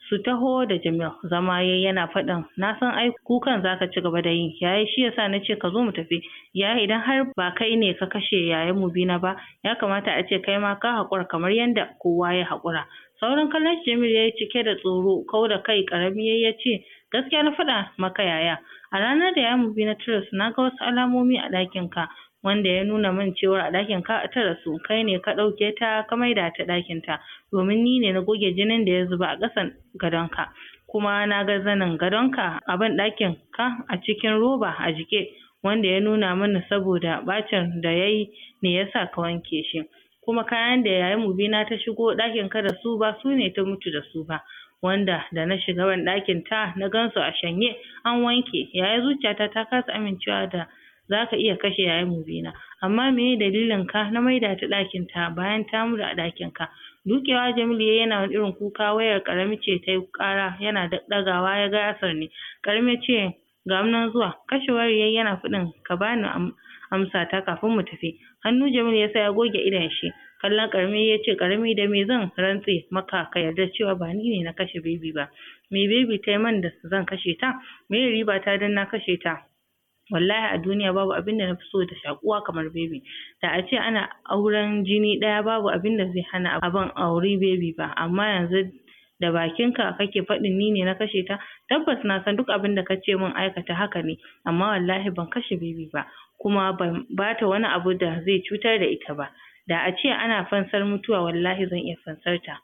su taho da Jamil zama yayi yana faɗin na san ai kukan zaka ci gaba da yi yayi shi yasa na ce ka zo mu tafi yayi idan har ba kai ne ka kashe yayan mu bina ba ya kamata a ce kai ma ka haƙura kamar yadda kowa ya haƙura sauran kallon Jamil yi cike da tsoro ko da kai karami ya ce gaskiya na faɗa maka yaya a ranar da yamu bi na tare na ga wasu alamomi a ɗakin ka wanda ya nuna min cewa a ɗakin ka tara su kai ne ka ɗauke ta ka maida ta ɗakin ta domin ni ne na goge jinin da ya zuba a ƙasan gadon ka kuma na ga zanin gadon ka a ban ɗakin ka a cikin roba a jike wanda ya nuna mana saboda ɓacin da yayi ne yasa ka wanke shi kuma kayan da yayan mubina ta shigo ɗakin ka da su ba su ne ta mutu da su ba wanda da na shiga banɗakin ta na gansu a shanye an wanke yaya zuciyata ta kasa amincewa da za ka iya kashe yayan Mubina amma meye dalilin ka na maida ta ɗakin ta bayan ta mutu a ɗakin ka dukewa Jamilu yayi yana wani irin kuka wayar ƙarami ce tayi ƙara yana ɗagawa ya ga Yasir ne ƙarami ce ga mu nan zuwa kashe wayar yayi yana faɗin ka bani amsa ta kafin mu tafi hannu Jamilu yasa ya goge idon shi kallon karami ya ce karami da me zan rantse maka ka yarda cewa ba ni ne na kashe baby ba me baby ta yi man da zan kashe ta me riba ta dan na kashe ta wallahi a duniya babu abin da na fi so da shakuwa kamar baby da a ce ana auren jini ɗaya babu abinda zai hana abin auri baby ba amma yanzu da bakinka kake faɗin ni ne na kashe ta tabbas na san duk abin da ce mun aikata haka ne amma wallahi ban kashe baby ba kuma ban bata wani abu da zai cutar da ita ba da a ce ana fansar mutuwa wallahi zan iya fansar ta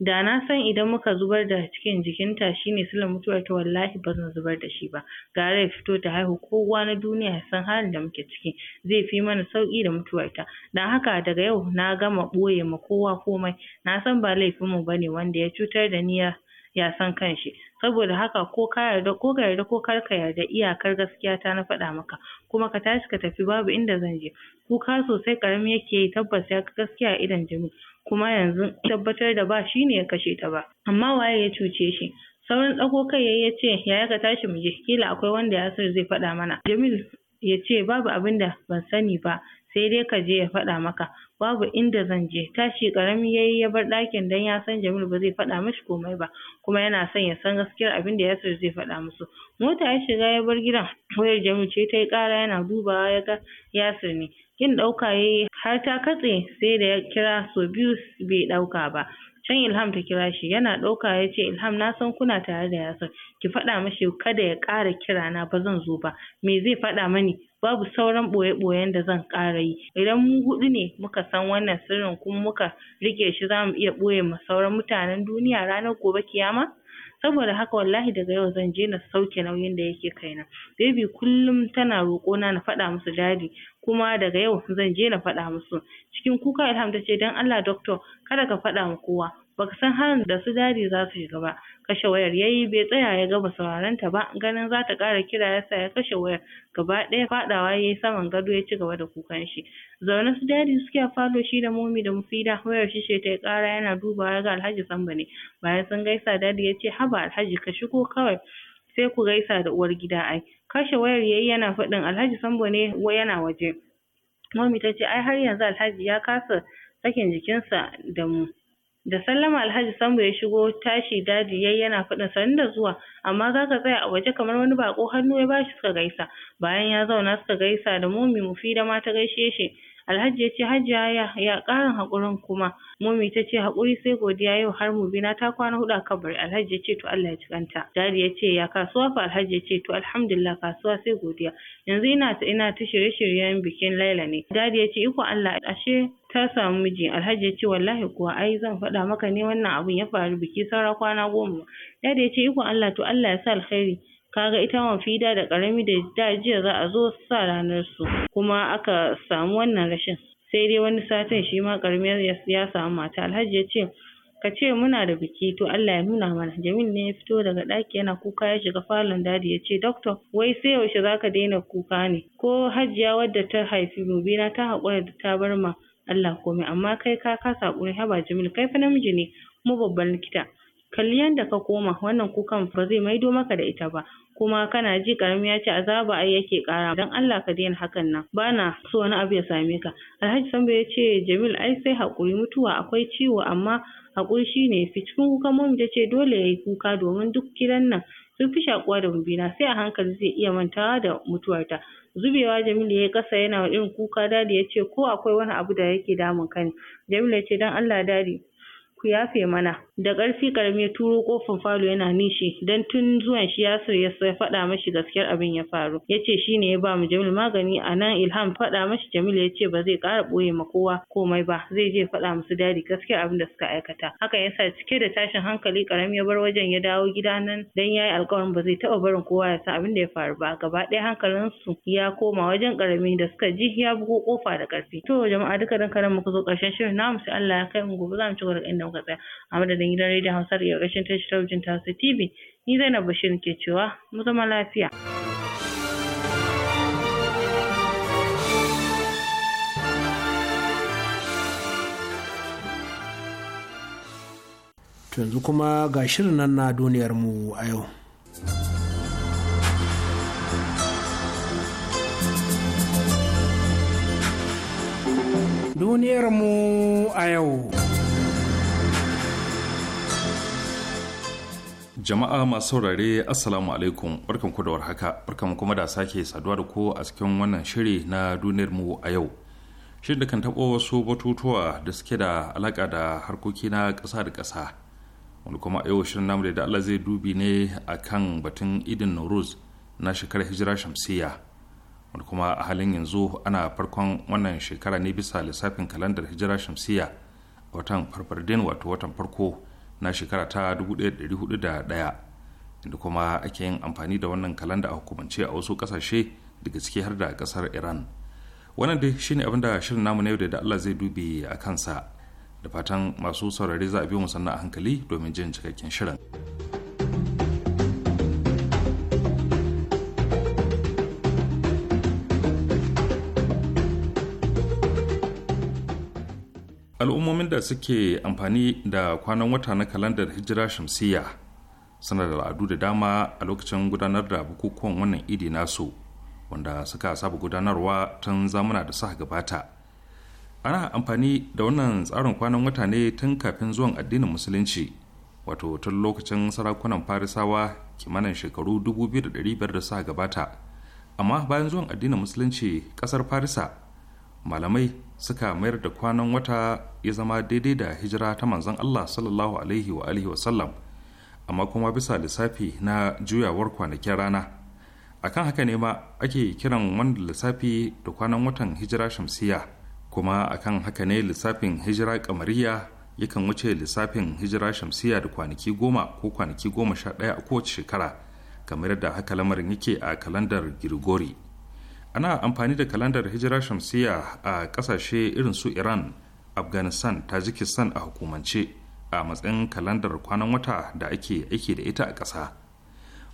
da na san idan muka zubar da cikin jikinta ne silar mutuwar ta wallahi bazan zubar da shi ba gara ya fito ta haihu kowa na duniya ya san halin da muke ciki zai fi mana sauki da mutuwar ta don haka daga yau na gama ɓoye ma kowa komai na san ba laifin mu bane wanda ya cutar da ni ya san kanshi saboda haka ko ka yarda ko ka yarda ko kar ka yarda iyakar gaskiya ta na faɗa maka kuma ka tashi ka tafi babu inda zan je kuka sosai ƙarami yake yi tabbas ya ga gaskiya a idon Jamil kuma yanzu tabbatar da ba shi ne ya kashe ta ba amma waye ya cuce shi saurin ɗago kai yayi ya ce yaya ka tashi mu je kila akwai wanda Yasir zai faɗa mana Jamil ya ce babu abin da ban sani ba sai dai ka je ya faɗa maka babu inda zan je tashi karami yayi ya bar ɗakin dan ya san Jamil ba zai faɗa mishi komai ba kuma yana son ya san gaskiyar abin da Yasir zai faɗa musu mota ya shiga ya bar gidan wayar Jamil ce tayi ƙara yana dubawa ya ga Yasir ne kin ɗauka yayi har ta katse sai da ya kira sau biyu bai ɗauka ba can Ilham ta kira shi yana ɗauka ya ce Ilham na san kuna tare da Yasir ki faɗa mashi kada ya ƙara kirana na ba zan zo ba me zai faɗa mani babu sauran ɓoye-ɓoyen da zan ƙara yi idan mu huɗu ne muka san wannan sirrin kuma muka riƙe shi zamu iya ɓoye ma sauran mutanen duniya ranar gobe kiyama saboda haka wallahi daga yau zan je na sauke nauyin da yake kaina baby kullum tana roƙona na faɗa musu dadi kuma daga yau zan je na faɗa musu cikin kuka Ilham tace dan Allah doctor kada ka faɗa ma kowa baka san halin da su za su shiga ba kashe wayar yayi bai tsaya ya gama sauraron ta ba ganin za ta ƙara kira yasa ya kashe wayar gaba ɗaya faɗawa ya yi saman gado ya ci gaba da kukan shi zaune su jari suke falo shi da momi da musida wayar shi ce tayi ƙara yana dubawa ga alhaji Sambo ne bayan sun gaisa dadi ya ce haba alhaji ka shigo kawai sai ku gaisa da uwar gida ai kashe wayar yayi yana faɗin alhaji Sambo ne yana waje momi ta ce, ai har yanzu alhaji ya kasa sakin jikinsa da mu da sallama alhaji sambo ya shigo tashi daji yayi yana faɗin sannu da zuwa amma zaka tsaya a waje kamar wani bako hannu ya bashi suka gaisa bayan ya zauna suka gaisa da mu fi da ma ta gaishe shi alhaji ya ce hajiya ya ya ƙarin haƙurin kuma momi ta ce haƙuri sai godiya yau har mu bi na ta kwana hudu a kabari alhaji ya ce to Allah ya cikanta dadi ya ce ya kasuwa fa alhaji ya ce to alhamdulillah kasuwa sai godiya yanzu ina ta ina ta shirye-shiryen bikin laila ne dadi ya ce iko Allah ashe ta samu miji alhaji yace wallahi kuwa ai zan faɗa maka ne wannan abun ya faru biki saura kwana goma dadi yace ikon Allah to Allah ya sa alkhairi kaga ita fida da karami da da jiya za a zo sa ranar su kuma aka samu wannan rashin sai dai wani satin shi ma karami ya samu mata alhaji yace ka ce muna da biki to Allah ya nuna mana Jamil ne ya fito daga ɗaki yana kuka ya shiga falon dadi ya ce doctor wai sai yaushe zaka daina kuka ne ko hajiya wadda ta haifi gobe na ta haƙura da ta bar ma Allah komai amma kai ka kasa haƙuri haba Jamil kai fa namiji ne kuma babban likita kalli yanda ka koma wannan kukan ba zai maido maka da ita ba kuma kana ji karami ya ce azaba ai yake kara dan Allah ka daina hakan nan bana so wani abu ya same ka Alhaji Sambo ya ce Jamil ai sai haƙuri mutuwa akwai ciwo amma haƙuri shine fi cikin kukan mom ce dole yayi kuka domin duk gidan nan sun fi shakuwa da mubina sai a hankali zai iya mantawa da mutuwarta Zubewa Jamilu ya yi ƙasa yana irin kuka dadi ya ce ko akwai wani abu da yake damun kani Jamilu ya ce don Allah dadi ku yafe mana. da ƙarfi ƙarami ya turo ƙofar falo yana nishi dan tun zuwan shi Yasir ya faɗa mashi gaskiyar abin ya faru yace ne ya ba mu Jamil magani a nan Ilham faɗa mashi Jamil ce ba zai ƙara ɓoye ma kowa komai ba zai je faɗa musu dadi gaskiyar abin da suka aikata Haka yasa cike da tashin hankali ƙarami ya bar wajen ya dawo gida nan dan yayi alƙawarin ba zai taɓa barin kowa ya san abin da ya faru ba gaba ɗaya hankalin su ya koma wajen ƙarami da suka ji ya bugo ƙofa da ƙarfi to jama'a duka dan karan muka zo ƙarshen shirin namu sai Allah ya kai mu gobe za mu ci da inda muka tsaya a madadin dandalin gidan rediyon Hausa da yagashin tashi talabijin ta Hausa TV. Ni Zainab Bashir ke cewa mu zama lafiya. yanzu kuma ga shirin nan na duniyarmu a yau. Duniyarmu a yau. Jama'a masu saurare Assalamu alaikum barkan ku da warhaka barkan kuma da sake saduwa da ku a cikin wannan shiri na duniyar mu a yau. Shirin da kan taɓo wasu batutuwa da suke da alaka da harkoki na ƙasa da ƙasa. Wani kuma a yau shirin namu da Allah zai dubi ne a kan batun idin Nuruz na shekarar hijira shamsiyya. Wani kuma a halin yanzu ana farkon wannan shekara ne bisa lissafin kalandar hijira shamsiyya watan farfardin wato watan farko na shekara ta 1401 inda kuma ake yin amfani da wannan kalanda a hukumance a wasu kasashe daga ciki har da kasar iran wannan dai shine abin da shirin namu na yau da allah zai dubi a kansa da fatan masu saurari za a biyo musamman a hankali domin jin cikakken shirin. yadda suke amfani da kwanan wata na kalandar hijira shamsiyya suna da al'adu da dama a lokacin gudanar da bukukuwan wannan idi nasu wanda suka saba gudanarwa tun zamuna da suka gabata ana amfani da wannan tsarin kwanan wata ne tun kafin zuwan addinin musulunci wato tun lokacin sarakunan farisawa kimanin shekaru 2500 da suka gabata amma bayan zuwan addinin musulunci kasar farisa malamai suka mayar da kwanan wata ya zama daidai da hijira ta manzon Allah sallallahu alaihi wa alihi wa sallam amma kuma bisa lissafi na juyawar kwanakin rana akan haka ne ma ake kiran wanda lissafi da kwanan watan hijira shamsiya kuma akan haka ne lissafin hijira kamariya yakan wuce lissafin hijira shamsiya da kwanaki goma ko kwanaki goma sha ɗaya a kowace shekara kamar yadda haka lamarin yake a kalandar girgori ana amfani da kalandar hijira shamsiya a kasashe irin su iran afghanistan tajikistan a hukumance a matsayin kalandar kwanan wata da ake aiki da ita a ƙasa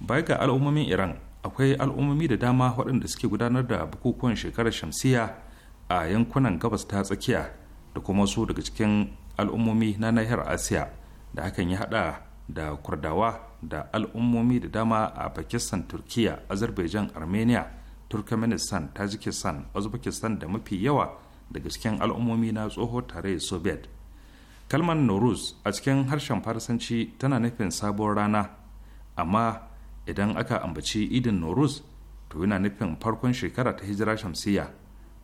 baya ga al'ummomin iran akwai al'ummomi da dama waɗanda suke gudanar da bukukuwan shekarar shamsiya a yankunan gabas ta tsakiya da kuma su daga cikin al'ummomi na nahiyar asiya da hakan ya hada da kurdawa da al'ummomi da dama a pakistan turkiya azerbaijan armenia turkmenistan tajikistan uzbekistan da mafi yawa daga cikin al'ummomi na tsoho tare soviet kalmar norus a cikin harshen farsanci tana nufin sabon rana amma idan aka ambaci idin norus to yana nufin farkon shekara ta hijira shamsiya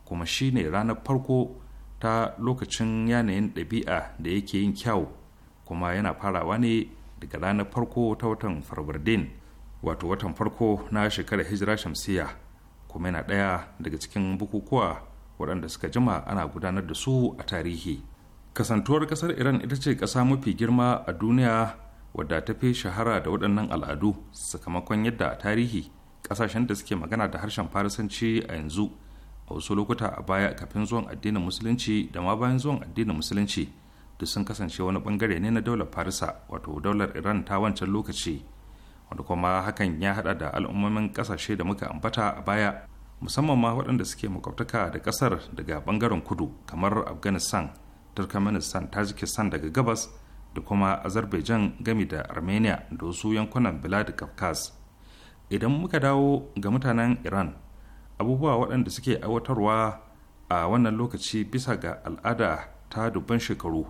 kuma shine ranar farko ta lokacin yanayin ɗabi'a da yake yin kyau kuma yana farawa ne daga ranar farko ta watan farbardin wato watan farko na shekarar hijira shamsiya kuma yana ɗaya daga cikin bukukuwa waɗanda suka jima ana gudanar da su a tarihi kasantuwar ƙasar iran ita ce ƙasa mafi girma a duniya wadda ta fi shahara da waɗannan al'adu sakamakon yadda a tarihi ƙasashen da suke magana da harshen farisanci a yanzu a wasu lokuta a baya kafin zuwan addinin musulunci da ma bayan zuwan addinin musulunci duk sun kasance wani bangare ne na daular farisa wato daular iran ta wancan lokaci wanda kuma hakan ya hada da al'ummomin kasashe da muka ambata a baya musamman ma waɗanda suke makwabtaka da ƙasar daga ɓangaren kudu kamar afghanistan turkmenistan tajikistan daga gabas da kuma azerbaijan gami da armenia da wasu yankunan da kafkas idan muka dawo ga mutanen iran abubuwa waɗanda suke aiwatarwa a wannan lokaci bisa ga al'ada ta dubban shekaru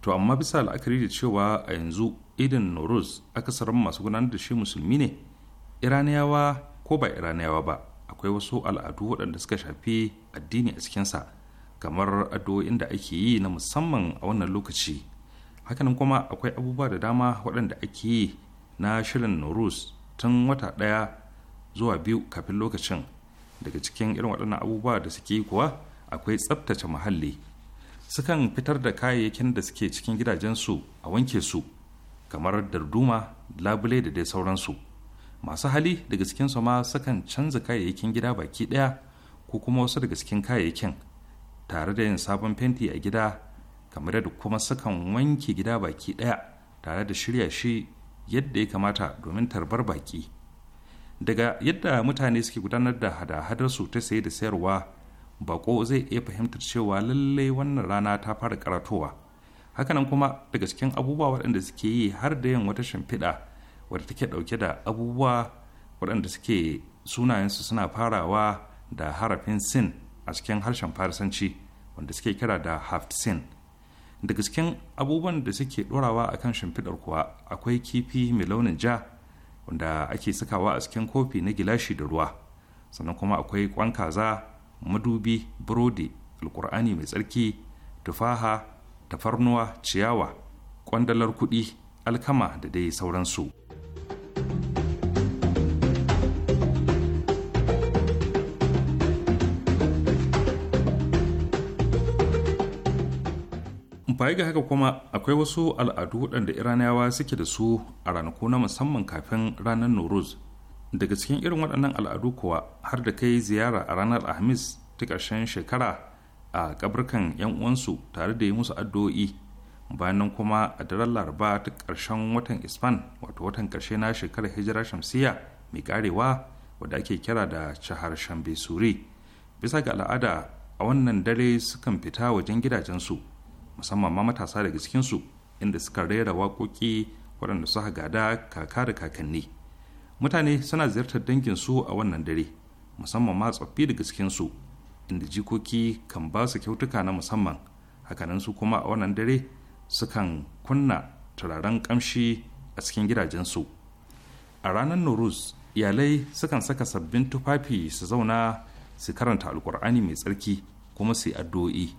to amma bisa la'akari da cewa a yanzu idin noruz akasarin masu gudanar da shi musulmi ne iraniyawa ko ba iraniyawa ba akwai wasu al'adu waɗanda suka shafi addini a cikinsa kamar addu'o'in da ake yi na musamman a wannan lokaci hakanan kuma akwai abubuwa da dama waɗanda ake yi na shirin noruz tun wata ɗaya zuwa biyu kafin lokacin daga cikin irin waɗannan abubuwa da suke yi kuwa akwai tsabtace muhalli sukan fitar da kayayyakin da suke cikin gidajensu a wanke su kamar darduma labule da dai sauransu masu hali daga su ma sukan canza kayayyakin gida baki daya ko kuma wasu daga cikin kayayyakin tare da yin sabon fenti a gida kamar da kuma sukan wanke gida baki daya tare da shirya shi yadda ya kamata domin tarbar baki daga yadda mutane suke gudanar da hada-hadarsu ta saye da sayarwa bako zai iya fahimtar cewa lallai wannan rana ta fara karatowa hakanan kuma daga cikin abubuwa waɗanda suke yi har da yin wata shimfiɗa wadda take ɗauke da abubuwa waɗanda suke sunayensu suna farawa da harafin sin a cikin harshen farisanci wanda suke kira da haft sin daga cikin abubuwan da suke ɗorawa a kan shimfiɗar kuwa akwai kifi mai launin ja wanda ake sakawa a cikin kofi na gilashi da ruwa sannan kuma akwai kwan kaza madubi burodi alkur'ani mai tsarki tufaha tafarnuwa ciyawa kwandalar kuɗi alkama da dai sauransu baya ga haka kuma akwai wasu al'adu waɗanda iraniyawa suke da su a ranaku na musamman kafin ranar noruz daga cikin irin waɗannan al'adu kuwa har da kai ziyara a ranar alhamis ta ƙarshen shekara a kaburkan 'yan uwansu tare da yi musu addu'o'i bayan kuma a daren laraba ta ƙarshen watan isfan wato watan ƙarshe na shekarar hijira shamsiya mai karewa wadda ake kira da shahar shambe suri bisa ga al'ada a wannan dare sukan fita wajen gidajensu musamman ma matasa daga cikinsu inda suka rera waƙoƙi waɗanda suka gada kaka da kakanni mutane suna ziyartar danginsu a wannan dare musamman ma tsoffi daga cikinsu inda jikoki kan ba su kyautuka na musamman hakanan su kuma a wannan dare sukan kunna turaren kamshi a cikin gidajensu a ranar noruz iyalai sukan saka sabbin tufafi su zauna su karanta alkur'ani mai tsarki kuma su yi addu'o'i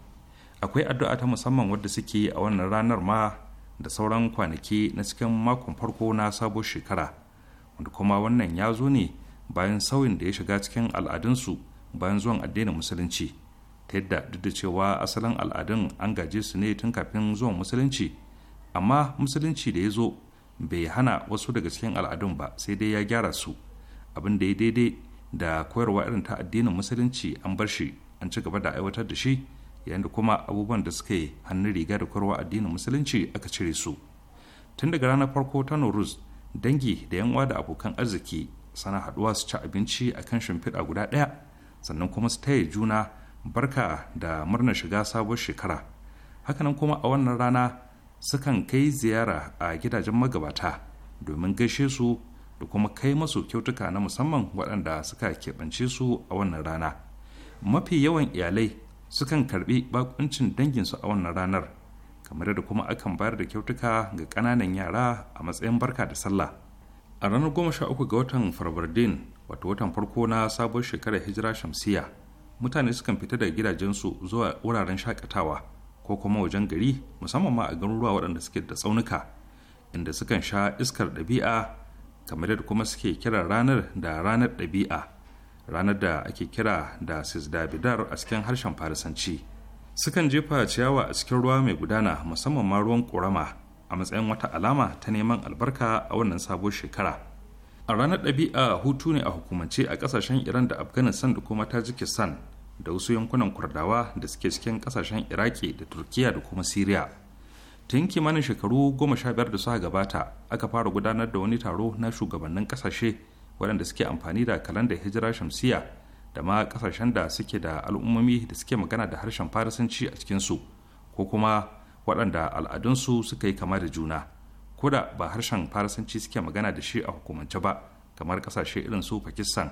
akwai addu'a ta musamman wadda suke a wannan ranar ma da sauran kwanaki na cikin makon farko na sabon shekara wanda kuma wannan ya zo ne bayan sauyin da ya shiga cikin al'adunsu bayan zuwan addinin musulunci ta yadda duk da cewa asalin al'adun an gaje su ne tun kafin zuwan musulunci amma musulunci da ya zo bai hana wasu daga cikin al'adun ba sai dai ya gyara su abin da ya daidai da koyarwa irin ta addinin musulunci an bar shi an ci gaba da aiwatar da shi yayin da kuma abubuwan da suka suke hannun riga da koyarwa addinin musulunci aka cire su tun daga ranar farko ta noruz dangi da yan da abokan arziki sana haɗuwa su ci abinci a kan shimfiɗa guda ɗaya sannan kuma su taya juna barka da murnar shiga sabuwar shekara hakanan kuma a wannan rana sukan kai ziyara a gidajen magabata domin gaishe su da kuma kai masu kyautuka na musamman waɗanda suka keɓance su a wannan rana mafi yawan iyalai sukan karbi bakuncin danginsu a wannan ranar kamar da kuma akan bayar da kyautuka ga ƙananan yara a matsayin barka da sallah a ranar goma sha uku ga watan farbardin wato watan farko na sabon shekarar hijira shamsiya mutane sukan fita daga gidajensu zuwa wuraren shakatawa ko kuma wajen gari musamman ma a garuruwa waɗanda suke da tsaunuka inda sukan sha iskar ɗabi'a kamar yadda kuma suke kira ranar da ranar ɗabi'a ranar da ake kira da sisdabidar a cikin harshen farisanci sukan jefa ciyawa a cikin ruwa mai gudana musamman ma ruwan ƙorama a matsayin wata alama ta neman albarka a wannan sabon shekara a ranar ɗabi'a hutu ne a hukumance a ƙasashen iran da afghanistan da kuma tajikistan da wasu yankunan kurdawa da suke cikin ƙasashen iraki da turkiya da kuma syria tun kimanin shekaru goma sha biyar da suka gabata aka fara gudanar da wani taro na shugabannin ƙasashe waɗanda suke amfani da kalandar hijira shamsiya da ma ƙasashen da suke da al'ummomi da suke magana da harshen farisanci a cikinsu ko kuma waɗanda al'adunsu suka yi kama da juna ko ba harshen farasanci suke magana da shi a hukumance ba kamar kasashe irin su pakistan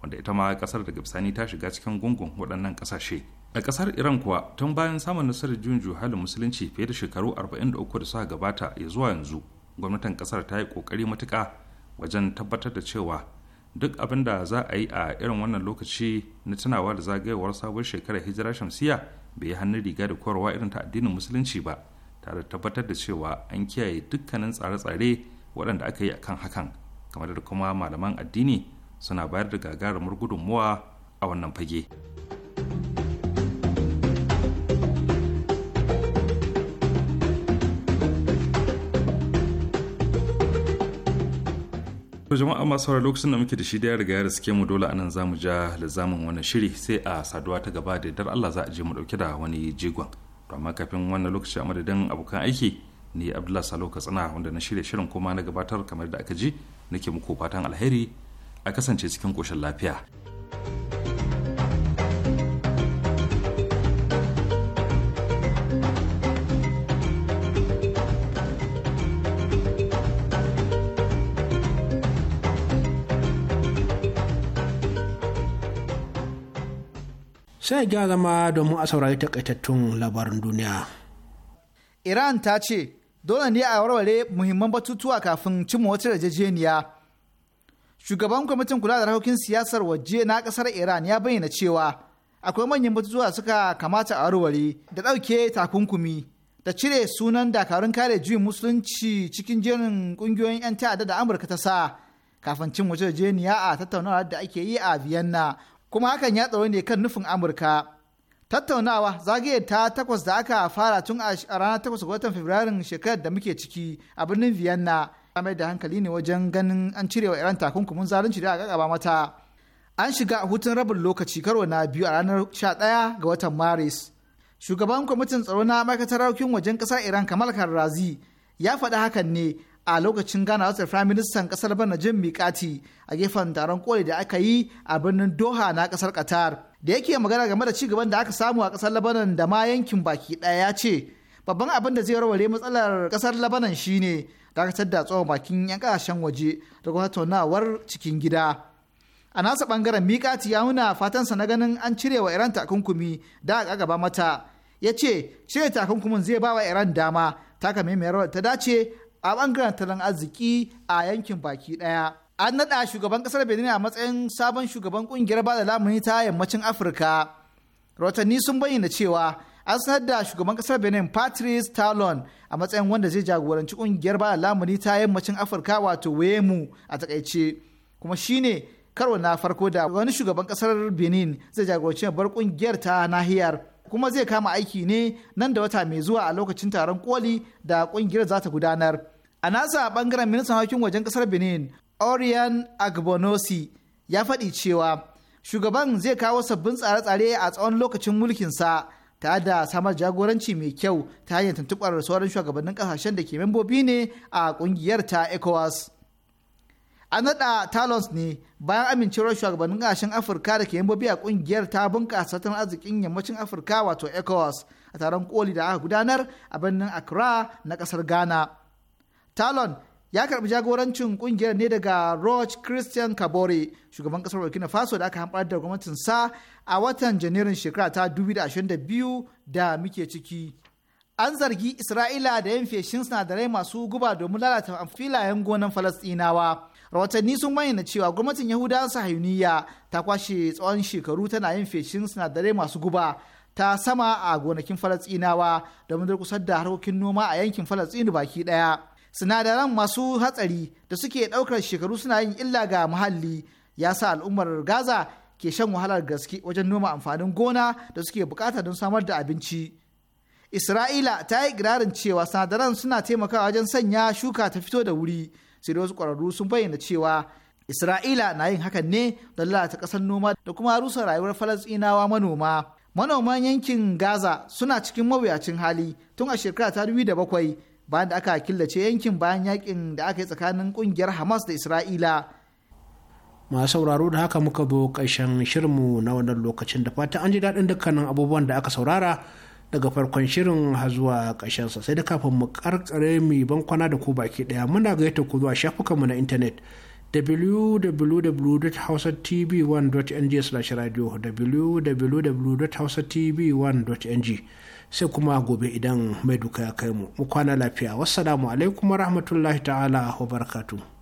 wanda ita ma kasar daga bisani ta shiga cikin gungun waɗannan kasashe a kasar iran kuwa tun bayan samun nasarar juyin juhalin musulunci fiye da shekaru 43 da suka gabata ya zuwa yanzu gwamnatin kasar ta yi kokari matuka wajen tabbatar da cewa duk abin da za a yi a irin wannan lokaci na tunawa da zagayowar sabon shekarar hijira shamsiya bai yi hannun riga da korowa irin ta addinin musulunci ba tare da tabbatar da cewa an kiyaye dukkanin tsare-tsare waɗanda aka yi akan hakan kamar da kuma malaman addini suna bayar da gagarumar gudunmuwa a wannan fage. To jama'a masu saurari lokacin da muke da shi da ya riga ya riske mu dole anan zamu ja lazamin wani shiri sai a saduwa ta gaba da dar Allah za a je mu dauke da wani jigon. to amma kafin wannan lokaci a madadin abokan aiki ni abdullah salo katsina wanda na shirya shirin kuma na gabatar kamar da aka ji nake muku fatan alheri a kasance cikin koshin lafiya. sai gyara zama domin a saurari takaitattun labarin duniya. Iran ta ce dole ne a warware muhimman batutuwa kafin cin wata yarjejeniya. Shugaban kwamitin kula da harkokin siyasar waje na kasar Iran ya bayyana cewa akwai manyan batutuwa suka kamata a warware da ɗauke takunkumi da cire sunan dakarun kare juyin musulunci cikin jerin ƙungiyoyin 'yan ta'adda da Amurka ta sa kafin cin wata yarjejeniya a tattaunawar da ake yi a Vienna kuma hakan ya tsaro ne kan nufin amurka tattaunawa zagaye ta takwas da aka fara tun a ranar takwas ga watan fabrairun shekarar da muke ciki a birnin vienna mai da hankali ne wajen ganin an cirewa iran takunkumin zalunci da aka mata an shiga hutun rabin lokaci karo na biyu a ranar sha 11 ga watan maris shugaban kwamitin tsaro na ma'aikatar raukin wajen ƙasar iran kamal karrazi ya faɗi hakan ne a lokacin gana da firayim ministan kasar bana jin mikati a gefen taron koli da aka yi a birnin doha na kasar qatar da yake magana game da cigaban da aka samu a kasar labanan da ma yankin baki daya ya ce babban abin da zai warware matsalar kasar labanan shine dakatar da tsohon bakin yan kasashen waje da kuma tattaunawar cikin gida a nasa bangaren mikati ya nuna fatansa na ganin an cire wa iran takunkumi da aka gaba mata ya ce cire takunkumin zai ba wa iran dama taka rawar ta dace a bangaren tattalin arziki a yankin baki daya. An naɗa shugaban ƙasar Benin a matsayin sabon shugaban ƙungiyar bada lamuni ta yammacin Afirka. Rotanni sun bayyana cewa an sanar da shugaban ƙasar Benin Patrice Talon a matsayin wanda zai jagoranci ƙungiyar bada lamuni ta yammacin Afirka wato Wemu a takaice. Kuma shine karo na farko da wani shugaban ƙasar Benin zai jagoranci babbar ƙungiyar ta nahiyar. kuma zai kama aiki ne nan da wata mai zuwa a lokacin taron koli da kungiyar za ta gudanar. A nasa a bangaren ministan harkokin wajen kasar Benin, Orion Agbonosi ya faɗi cewa shugaban zai kawo sabbin tsare-tsare a tsawon lokacin mulkinsa tare da samar jagoranci mai kyau ta hanyar tuntuɓar sauran shugabannin ƙasashen da ke membobi ne a ƙungiyar ta ECOWAS. an naɗa talons ne bayan amincewar shugabannin ƙasashen afirka da ke yambobi a ƙungiyar ta bunƙasa tattalin arzikin yammacin afirka wato ecowas a taron koli da aka gudanar a birnin accra na ƙasar ghana talon ya karɓi jagorancin ƙungiyar ne daga roch christian kabore shugaban ƙasar burkina faso da aka hamɓar da sa a watan janairun shekara ta 2022 da muke ciki an zargi isra'ila da yin feshin sinadarai masu guba domin lalata filayen gonan falasɗinawa rahotanni sun bayyana cewa gwamnatin yahudawa sahiyuniya ta kwashe tsawon shekaru tana yin feshin sinadarai masu guba ta sama a gonakin da domin durkusar da harkokin noma a yankin falasɗinu baki daya. sinadaran masu hatsari da suke daukar shekaru suna yin illa ga muhalli ya sa al'ummar gaza ke shan wahalar gaske wajen noma amfanin gona da suke bukata don samar da abinci isra'ila ta yi kirarin cewa sinadaran suna taimakawa wajen sanya shuka ta fito da wuri sai wasu ƙwararru sun bayyana cewa isra'ila na yin hakan ne don lalata ƙasar noma da kuma rusa rayuwar falasɗinawa manoma manoman yankin gaza suna cikin mawuyacin hali tun a shekara ta dubi da bakwai bayan da aka killace yankin bayan yakin da aka yi tsakanin ƙungiyar hamas da isra'ila masu sauraro da haka muka zo ƙarshen shirmu na wannan lokacin da fata an ji daɗin dukkanin abubuwan da aka saurara daga farkon shirin har zuwa ƙashinsa sai da kafin mu karkare mu ban kwana da ku baki daya muna gaita ku zuwa shafukanmu na intanet www.hausatv1.ng/radio www.hausatv1.ng sai kuma gobe idan mai duka ya kai mu mu kwana lafiya wassalamu alaikum warahmatullahi ta'ala wa barakatuh